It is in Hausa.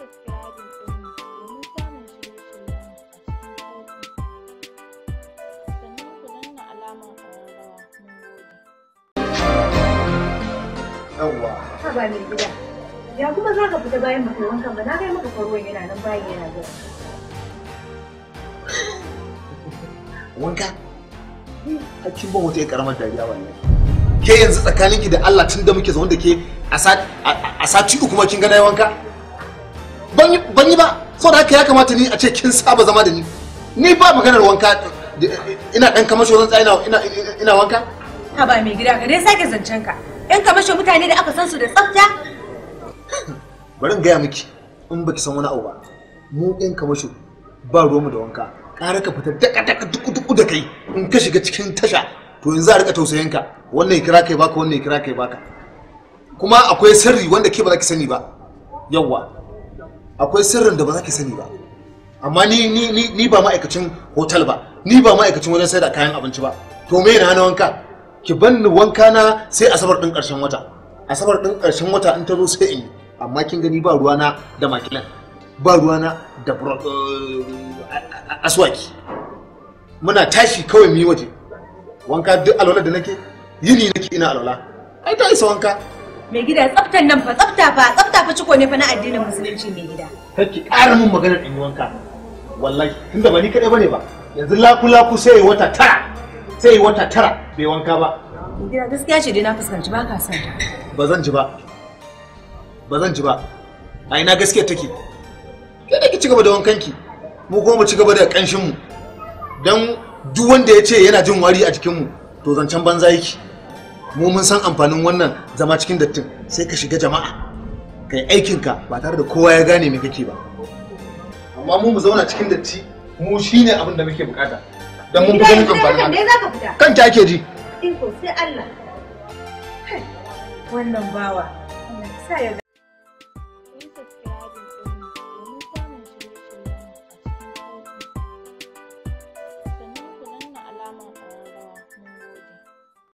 subscribe ɗinmu domin samun a cikin sauƙi. Sannan ku danna alamar ƙararrawa mun gode. Yawwa. Haba mai gida. Ya kuma za ka fita bayan ba na kai maka yana nan yana zuwa. Wanka? ban wata ƙaramar dariya ke yanzu tsakaninki da Allah tun da muke zaune da ke a sati uku ma kin ga na wanka ban yi ba saboda haka ya kamata ni a ce kin saba zama da ni ni ba maganar wanka ina dan kamasho zan ina ina wanka ka ba mai gida ka dai sake zancen ka in kamasho mutane da aka san su da tsafta bari in gaya miki in baki san wani abu ba mu in kamasho ba ruwanmu da wanka ƙara ka fita daka daka duku duku da kai in ka shiga cikin tasha to yanzu za a rika tausayin ka wannan ya kira kai baka wannan ya kira kai baka kuma akwai sirri wanda ke ba za ki sani ba yawwa akwai sirrin da ba za ki sani ba amma ni ni ni, ni ba ma'aikacin hotel ba ni ba ma'aikacin wajen sai da kayan abinci ba to me na na wanka ki banni wanka na sai asabar din karshen wata asabar din karshen wata in ta zo sai in amma kin gani ba ruwana da makilan ba ruwana da eh, aswaki muna tashi kawai mu yi waje wanka duk alwala da nake yini nake ina alwala ai ta isa wanka mai gida tsaftar nan fa tsafta fa tsafta fa ciko ne fa na addinin musulunci mai gida kake ƙara min maganar in wanka wallahi tunda ba ni kaɗai bane ba yanzu laku laku sai wata tara sai wata tara bai wanka ba gida gaskiya ce dai na fuskanci ba ka son ba zan ji ba ba zan ji ba a ina gaskiya take kada ki ci gaba da wankanki mu kuma mu ci gaba da ƙanshin mu dan duk wanda ya ce yana jin wari a jikinmu to zancen banza yake mu mun san amfanin wannan zama cikin dattin sai ka shiga jama'a ka yi aikinka ba tare da kowa ya gane me kake ba amma mu mu zauna cikin datti mu shine abin da muke bukata dan mun ganin amfanin kan ta ake ji in ko sai Allah wannan bawa sai ya